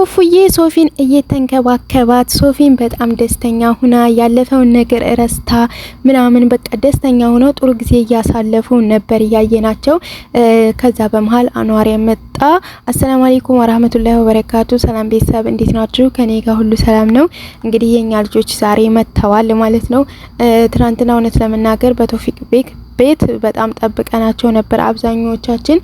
ፉፉዬ ሶፊን እየተንከባከባት ሶፊን በጣም ደስተኛ ሁና ያለፈውን ነገር ረስታ ምናምን በቃ ደስተኛ ሆነው ጥሩ ጊዜ እያሳለፉ ነበር እያየ ናቸው። ከዛ በመሀል አኗር መጣ። አሰላሙ አሌይኩም ወራህመቱላሂ ወበረካቱ። ሰላም ቤተሰብ እንዴት ናችሁ? ከኔ ጋር ሁሉ ሰላም ነው። እንግዲህ የኛ ልጆች ዛሬ መጥተዋል ማለት ነው። ትናንትና እውነት ለመናገር በቶፊቅ ቤክ ቤት በጣም ጠብቀናቸው ነበር። አብዛኞቻችን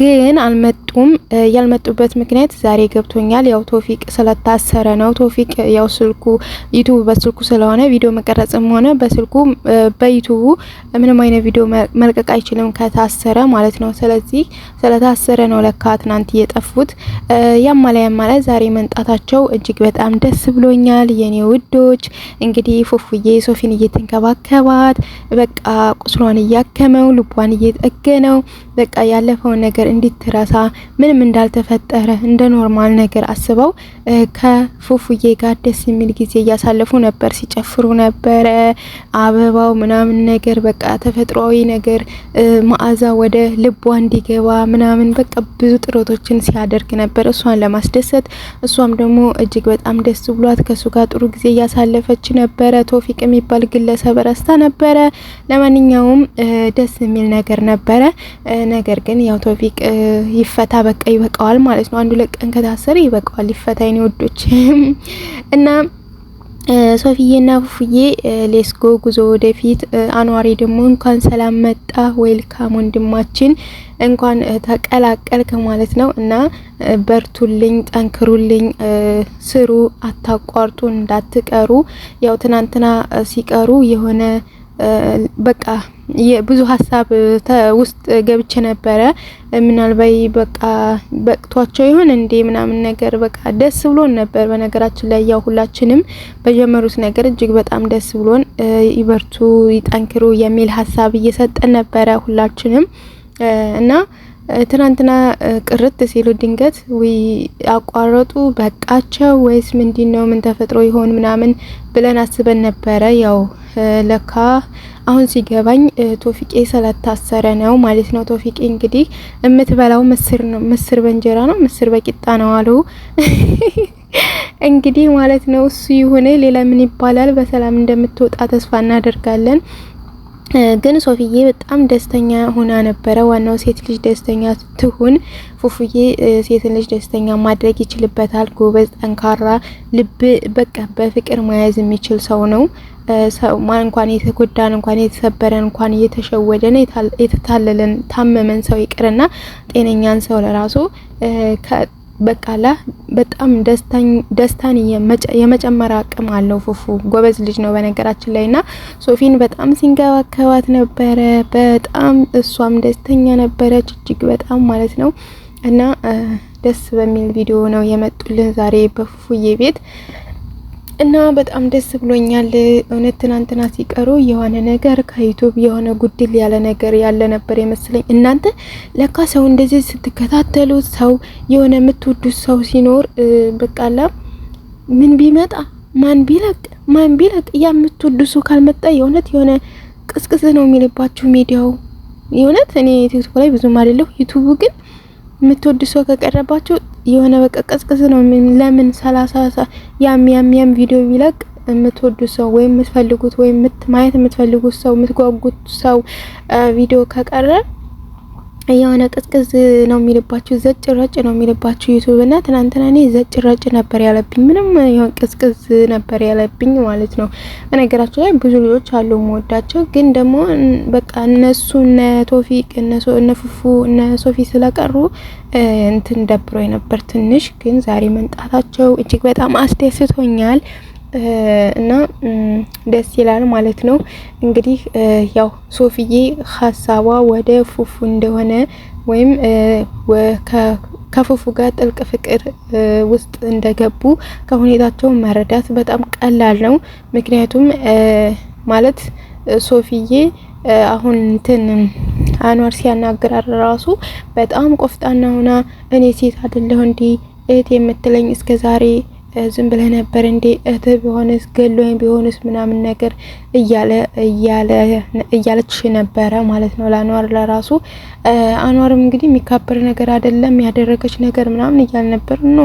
ግን አልመጡም። ያልመጡበት ምክንያት ዛሬ ገብቶኛል። ያው ቶፊቅ ስለታሰረ ነው። ቶፊቅ ያው ስልኩ ዩቱብ በስልኩ ስለሆነ ቪዲዮ መቀረጽም ሆነ በስልኩ በዩቱቡ ምንም አይነት ቪዲዮ መልቀቅ አይችልም ከታሰረ ማለት ነው። ስለዚህ ስለታሰረ ነው ለካ ትናንት እየጠፉት ያማላ ያማለ ዛሬ መንጣታቸው እጅግ በጣም ደስ ብሎኛል። የኔ ውዶች እንግዲህ ፉፉዬ ሶፊን እየተንከባከባት በቃ ቁስሏን እያ እያከመው ልቧን እየጠገነው በቃ ያለፈውን ነገር እንዲትረሳ ምንም እንዳልተፈጠረ እንደ ኖርማል ነገር አስበው ከፉፉዬ ጋር ደስ የሚል ጊዜ እያሳለፉ ነበር። ሲጨፍሩ ነበረ። አበባው ምናምን ነገር በቃ ተፈጥሯዊ ነገር መዓዛ ወደ ልቧ እንዲገባ ምናምን በቃ ብዙ ጥረቶችን ሲያደርግ ነበር እሷን ለማስደሰት። እሷም ደግሞ እጅግ በጣም ደስ ብሏት ከሱ ጋር ጥሩ ጊዜ እያሳለፈች ነበረ። ቶፊቅ የሚባል ግለሰብ ረስታ ነበረ። ለማንኛውም ደስ የሚል ነገር ነበረ። ነገር ግን ያው ቶፊቅ ይፈታ በቃ ይበቃዋል ማለት ነው። አንዱ ለቀን ከታሰረ ይበቃዋል፣ ይፈታ የኔ ወዶች እና ሶፊዬና ፉፉዬ ሌስጎ ጉዞ ወደፊት። አኗሪ ደግሞ እንኳን ሰላም መጣ፣ ዌልካም ወንድማችን፣ እንኳን ተቀላቀልክ ማለት ነው እና በርቱልኝ፣ ጠንክሩልኝ፣ ስሩ፣ አታቋርጡ፣ እንዳትቀሩ። ያው ትናንትና ሲቀሩ የሆነ በቃ የብዙ ሀሳብ ውስጥ ገብቼ ነበረ። ምናልባይ በቃ በቅቷቸው ይሆን እንዴ ምናምን ነገር በቃ ደስ ብሎን ነበር። በነገራችን ላይ ያው ሁላችንም በጀመሩት ነገር እጅግ በጣም ደስ ብሎን ይበርቱ፣ ይጠንክሩ የሚል ሀሳብ እየሰጠን ነበረ ሁላችንም እና ትናንትና ቅርት ሲሉ ድንገት ወይ አቋረጡ በቃቸው ወይስ ምንድን ነው ምን ተፈጥሮ ይሆን ምናምን ብለን አስበን ነበረ። ያው ለካ አሁን ሲገባኝ ቶፊቄ ስለታሰረ ነው ማለት ነው። ቶፊቄ እንግዲህ የምትበላው ምስር ነው፣ ምስር በእንጀራ ነው፣ ምስር በቂጣ ነው አሉ እንግዲህ ማለት ነው። እሱ ይሁን ሌላ ምን ይባላል። በሰላም እንደምትወጣ ተስፋ እናደርጋለን። ግን ሶፊዬ በጣም ደስተኛ ሆና ነበረ። ዋናው ሴት ልጅ ደስተኛ ትሁን። ፉፉዬ ሴት ልጅ ደስተኛ ማድረግ ይችልበታል። ጎበዝ፣ ጠንካራ ልብ፣ በቃ በፍቅር መያዝ የሚችል ሰው ነው። እንኳን የተጎዳን እንኳን የተሰበረን እንኳን እየተሸወደን የተታለለን ታመመን ሰው ይቅርና ጤነኛን ሰው ለራሱ በቃላ በጣም ደስታን የመጨመር አቅም አለው። ፉፉ ጎበዝ ልጅ ነው በነገራችን ላይ እና ሶፊን በጣም ሲንከባከባት ነበረ። በጣም እሷም ደስተኛ ነበረች እጅግ በጣም ማለት ነው እና ደስ በሚል ቪዲዮ ነው የመጡልን ዛሬ በፉፉዬ ቤት እና በጣም ደስ ብሎኛል። እውነት ትናንትና ሲቀሩ የሆነ ነገር ከዩቱብ የሆነ ጉድል ያለ ነገር ያለ ነበር የመሰለኝ። እናንተ ለካ ሰው እንደዚህ ስትከታተሉት ሰው የሆነ የምትወዱት ሰው ሲኖር በቃላ ምን ቢመጣ ማን ቢለቅ ማን ቢለቅ ያ የምትወዱ ሰው ካልመጣ የእውነት የሆነ ቅስቅስ ነው የሚልባችሁ ሚዲያው። የእውነት እኔ ቲክቶክ ላይ ብዙም አይደለሁ ዩቱቡ ግን የምትወድ ሰው ከቀረባችሁ የሆነ በቃ ቅዝቅዝ ነው። ለምን ሰላሳ ያም ያም ያም ቪዲዮ ቢለቅ የምትወዱ ሰው ወይም የምትፈልጉት ወይም ማየት የምትፈልጉት ሰው የምትጓጉት ሰው ቪዲዮ ከቀረ የሆነ ቅዝቅዝ ነው የሚልባችሁ ዘጭ ረጭ ነው የሚልባችሁ ዩቱብ እና ትናንትና እኔ ዘጭ ረጭ ነበር ያለብኝ። ምንም የሆነ ቅዝቅዝ ነበር ያለብኝ ማለት ነው። በነገራችሁ ላይ ብዙ ልጆች አሉ መወዳቸው፣ ግን ደግሞ በቃ እነሱ እነ ቶፊቅ እነ ፉፉ እነ ሶፊ ስለቀሩ እንትን ደብሮ ነበር ትንሽ። ግን ዛሬ መንጣታቸው እጅግ በጣም አስደስቶኛል። እና ደስ ይላል ማለት ነው። እንግዲህ ያው ሶፍዬ ሀሳቧ ወደ ፉፉ እንደሆነ ወይም ከፉፉ ጋር ጥልቅ ፍቅር ውስጥ እንደገቡ ከሁኔታቸው መረዳት በጣም ቀላል ነው። ምክንያቱም ማለት ሶፍዬ አሁን እንትን አኗር ሲያናግራር ራሱ በጣም ቆፍጣና ሆና እኔ ሴት አይደለሁ እንዴ እህት የምትለኝ እስከ ዛሬ ዝም ብለህ ነበር እንዴ እህት ቢሆንስ ገሎኝ ቢሆንስ ምናምን ነገር እያለ እያለች ነበረ ማለት ነው ለአንዋር ለራሱ። አኗርም እንግዲህ የሚካበር ነገር አይደለም ያደረገች ነገር ምናምን እያለ ነበር። ኖ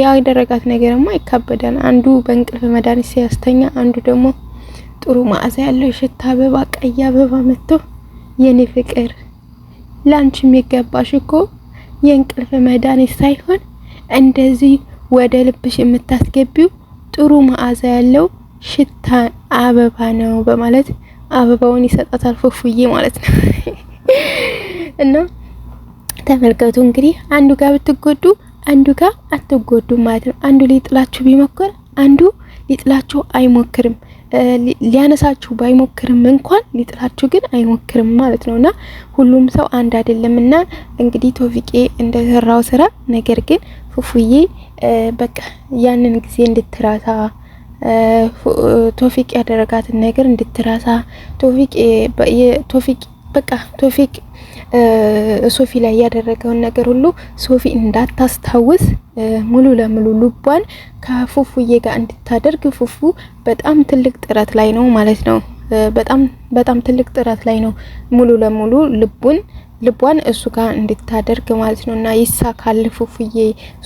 ያደረጋት ነገርማ ይካበዳል። አንዱ በእንቅልፍ መድኃኒት ሲያስተኛ፣ አንዱ ደግሞ ጥሩ ማዕዛ ያለው ሽታ አበባ ቀይ አበባ መጥቶ የኔ ፍቅር ላንቺ የሚገባሽ እኮ የእንቅልፍ መድኃኒት ሳይሆን እንደዚህ ወደ ልብሽ የምታስገቢው ጥሩ መዓዛ ያለው ሽታ አበባ ነው በማለት አበባውን ይሰጣታል። ፉፉዬ ማለት ነው እና ተመልከቱ እንግዲህ አንዱ ጋር ብትጎዱ አንዱ ጋር አትጎዱ ማለት ነው። አንዱ ሊጥላችሁ ቢሞክር አንዱ ሊጥላችሁ አይሞክርም። ሊያነሳችሁ ባይሞክርም እንኳን ሊጥላችሁ ግን አይሞክርም ማለት ነው እና ሁሉም ሰው አንድ አይደለም እና እንግዲህ ቶፊቄ እንደሰራው ስራ ነገር ግን ፉፉዬ በቃ ያንን ጊዜ እንድትራሳ ቶፊቅ ያደረጋትን ነገር እንድትራሳ ቶፊቅ ቶፊቅ በቃ ቶፊቅ ሶፊ ላይ ያደረገውን ነገር ሁሉ ሶፊ እንዳታስታውስ ሙሉ ለሙሉ ልቧን ከፉፉዬ ጋር እንድታደርግ ፉፉ በጣም ትልቅ ጥረት ላይ ነው ማለት ነው። በጣም በጣም ትልቅ ጥረት ላይ ነው ሙሉ ለሙሉ ልቡን ልቧን እሱ ጋር እንድታደርግ ማለት ነው። እና ይሳካል ፉፉዬ።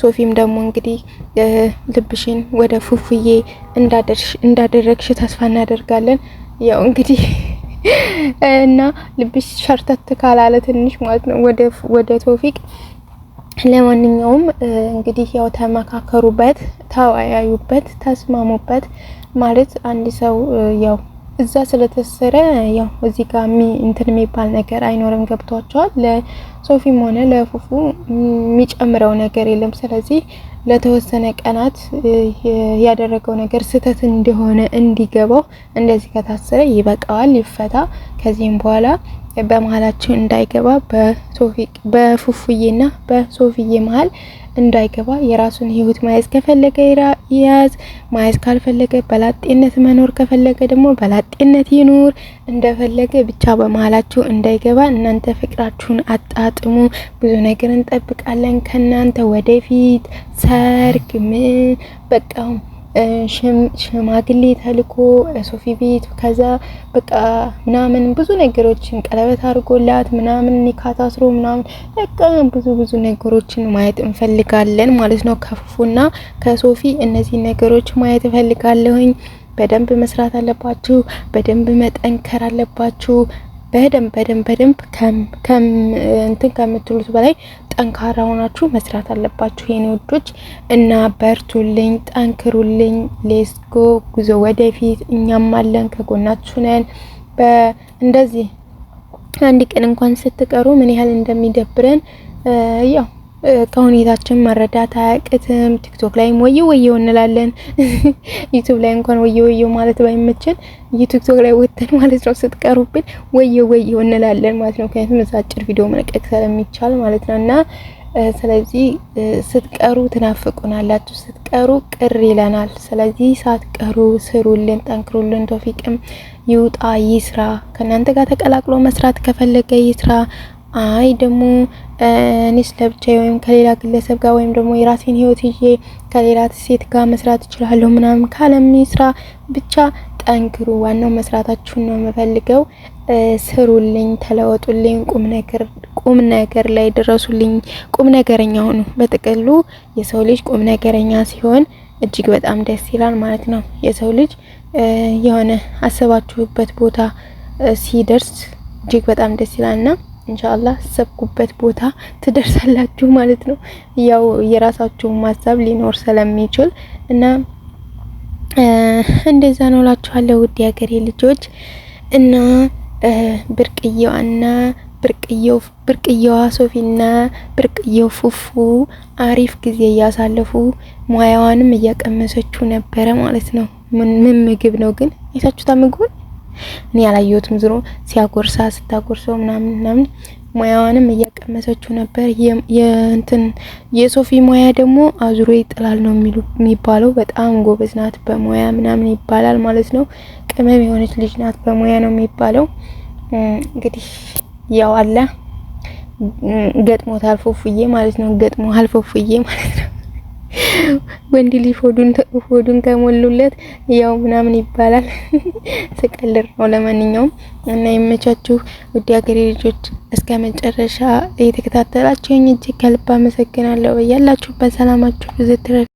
ሶፊም ደግሞ እንግዲህ ልብሽን ወደ ፉፉዬ እንዳደረግሽ ተስፋ እናደርጋለን። ያው እንግዲህ እና ልብሽ ሸርተት ካላለ ትንሽ ማለት ነው ወደ ወደ ቶፊቅ ለማንኛውም እንግዲህ ያው ተመካከሩበት፣ ተወያዩበት፣ ተስማሙበት ማለት አንድ ሰው ያው እዛ ስለተሰረ ያው እዚህ ጋር ሚ እንትን የሚባል ነገር አይኖርም። ገብቷቸዋል። ለሶፊም ሆነ ለፉፉ የሚጨምረው ነገር የለም። ስለዚህ ለተወሰነ ቀናት ያደረገው ነገር ስህተት እንደሆነ እንዲገባው እንደዚህ ከታሰረ ይበቃዋል፣ ይፈታ። ከዚህም በኋላ በመሀላችን እንዳይገባ በሶፊ በፉፉዬና በሶፊዬ መሀል እንዳይገባ የራሱን ህይወት መያዝ ከፈለገ ይያዝ፣ መያዝ ካልፈለገ በላጤነት መኖር ከፈለገ ደግሞ በላጤነት ይኑር። እንደፈለገ ብቻ በመሀላችሁ እንዳይገባ እናንተ ፍቅራችሁን አጣጥሙ። ብዙ ነገር እንጠብቃለን ከእናንተ ወደፊት ሰርግ ምን በቃ ሽማግሌ ተልኮ ሶፊ ቤት ከዛ በቃ ምናምን ብዙ ነገሮችን ቀለበት አድርጎላት ምናምን ኒካ ታስሮ ምናምን በቃ ብዙ ብዙ ነገሮችን ማየት እንፈልጋለን ማለት ነው። ከፉፉና ከሶፊ እነዚህ ነገሮች ማየት እፈልጋለሁኝ። በደንብ መስራት አለባችሁ። በደንብ መጠንከር አለባችሁ። በደንብ በደንብ በደንብ እንትን ከምትሉት በላይ ጠንካራ ሆናችሁ መስራት አለባችሁ የኔ ውዶች እና በርቱልኝ፣ ጠንክሩልኝ። ሌስጎ ጉዞ ወደፊት፣ እኛም አለን ከጎናችሁ ነን። እንደዚህ አንድ ቀን እንኳን ስትቀሩ ምን ያህል እንደሚደብረን ያው ከሁኔታችን መረዳት አያቅትም። ቲክቶክ ላይም ወየ ወየው እንላለን። ዩቱብ ላይ እንኳን ወየ ወየው ማለት ባይመችን ቲክቶክ ላይ ወተን ማለት ነው ስትቀሩብን ወየ ወየው እንላለን ማለት ነው። ምክንያቱም እዛ አጭር ቪዲዮ መልቀቅ ስለሚቻል ማለት ነው እና ስለዚህ ስትቀሩ ትናፍቁናላችሁ፣ ስትቀሩ ቅር ይለናል። ስለዚህ ሳትቀሩ ስሩልን፣ ጠንክሩልን። ቶፊቅም ይውጣ ይስራ፣ ከእናንተ ጋር ተቀላቅሎ መስራት ከፈለገ ይስራ። አይ ደግሞ እኔስ ለብቻ ወይም ከሌላ ግለሰብ ጋር ወይም ደግሞ የራሴን ህይወት ይዤ ከሌላ ሴት ጋር መስራት እችላለሁ ምናምን ካለም ስራ ብቻ ጠንክሩ። ዋናው መስራታችሁን ነው የምፈልገው። ስሩልኝ፣ ተለወጡልኝ፣ ቁም ነገር ቁም ነገር ላይ ድረሱልኝ። ቁም ነገረኛ ሆኑ በጥቅሉ የሰው ልጅ ቁም ነገረኛ ሲሆን እጅግ በጣም ደስ ይላል ማለት ነው። የሰው ልጅ የሆነ አሰባችሁበት ቦታ ሲደርስ እጅግ በጣም ደስ ይላልና እንሻላ አሰብኩበት ቦታ ትደርሳላችሁ ማለት ነው። ያው የራሳችሁ ሀሳብ ሊኖር ስለሚችል እና እንደዛ ነው እላችኋለሁ ውድ የሀገሬ ልጆች እና ብርቅዬዋና ብርቅየው ብርቅዬዋ ሶፊና ብርቅየው ፉፉ አሪፍ ጊዜ እያሳለፉ ሙያዋንም እያቀመሰችው ነበረ ማለት ነው። ምን ምግብ ነው ግን የታችሁታ ምግቡን እኔ ያላየሁትም ዝሮ ሲያጎርሳ ስታጎርሰው ምናምን ምናምን ሙያዋንም እያቀመሰችው ነበር። የእንትን የሶፊ ሙያ ደግሞ አዙሮ ይጥላል ነው የሚባለው። በጣም ጎበዝ ናት በሙያ ምናምን ይባላል ማለት ነው። ቅመም የሆነች ልጅ ናት በሙያ ነው የሚባለው። እንግዲህ ያው አላ ገጥሞታል ፎፉዬ ማለት ነው። ገጥሞ አልፎፉዬ ማለት ነው። ወንድ ልጅ ሆዱን ከሞሉለት ያው ምናምን ይባላል። ስቀልር ነው። ለማንኛውም እና የመቻችሁ ውድ ሀገሬ ልጆች እስከ መጨረሻ እየተከታተላችሁኝ እጅግ ከልብ አመሰግናለሁ። ያላችሁበት ሰላማችሁ ብዙ